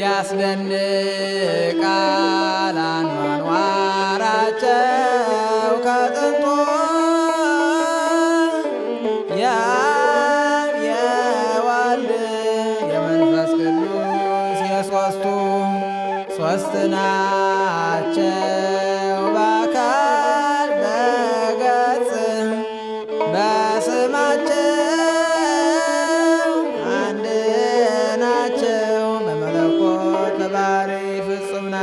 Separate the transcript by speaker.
Speaker 1: ያስደንቃል አኗኗራቸው ከጥንቱ የአብ የወልድ የመንፈስ ቅዱስ የሶስቱ ሦስት ናቸው።